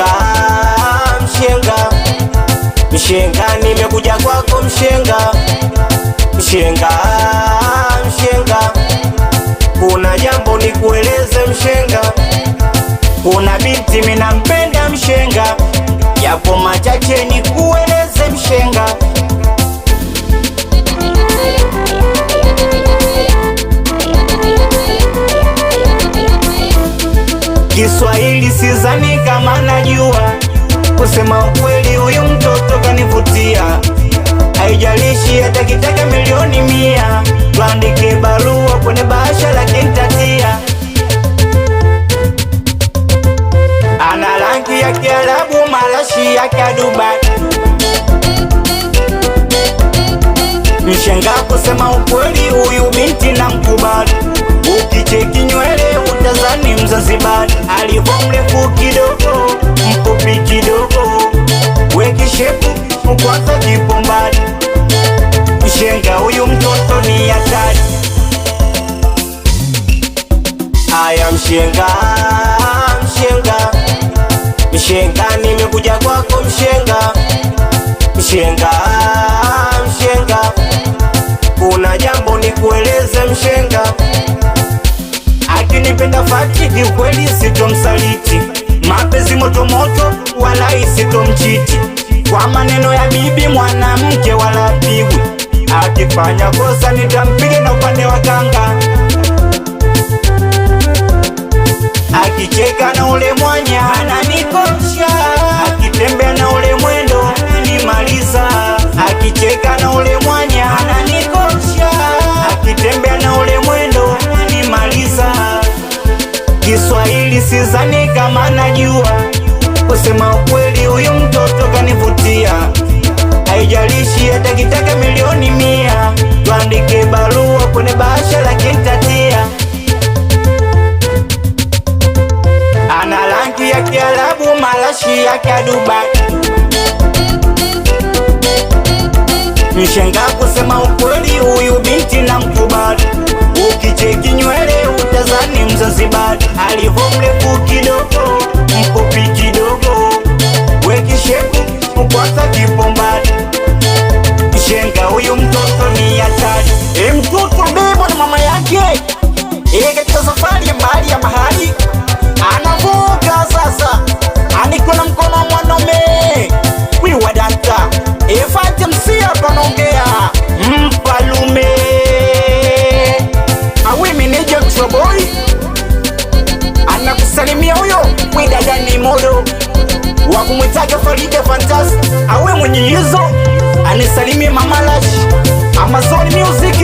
mshenga, mshenga, mshenga, nimekuja kwako mshenga, mshenga, mshenga, kuna jambo nikueleze mshenga, kuna binti minampenda mshenga, yapo machache ni kujua kusema ukweli, huyu mtoto kanivutia. Haijalishi atakitaka milioni mia, twandike barua kwenye bahasha, la kintatia. Ana rangi ya Kiarabu, marashi ya Kadubai. Mshangaa kusema ukweli Mshenga, mshenga, mshenga, nimekuja kwako mshenga, mshenga, mshenga, kuna jambo nikueleze mshenga. Akinipenda ni kweli sitomsaliti, mapenzi motomoto wala isitomchiti, kwa maneno ya bibi mwanamke wala pigwi, akifanya kosa nitampiga na akicheka na ule mwanya ananikosha, akitembea na ule mwendo nimaliza, akicheka na ule mwanya ananikosha, akitembea na ule mwendo nimaliza. Kiswahili sizani kama najua kusema ukweli, huyu mtoto kanivutia. Haijalishi atakitaka milioni mia, tuandike barua yake ya Dubai. Nishangaa kusema ukweli, huyu binti na mkubali boy, anakusalimia huyo mwidada ni modo wa Fantas, awe mwenye hizo anisalimie mamalash Amazon Music,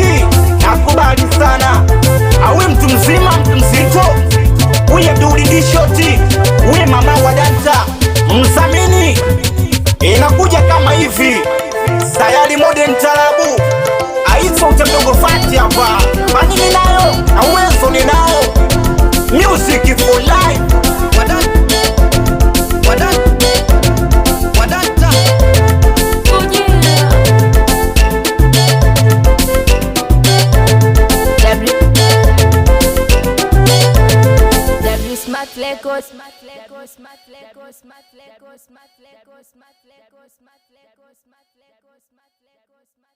nakubali sana, awe mtu mzima mtu mzito huye, dudidishoti uye mama wa danta msamini, inakuja kama hivi sayali modern talabu aitwa utadogo fati hapa goes my flag goes my flag goes my flag goes my flag goes my flag goes my flag goes my flag goes my flag goes my flag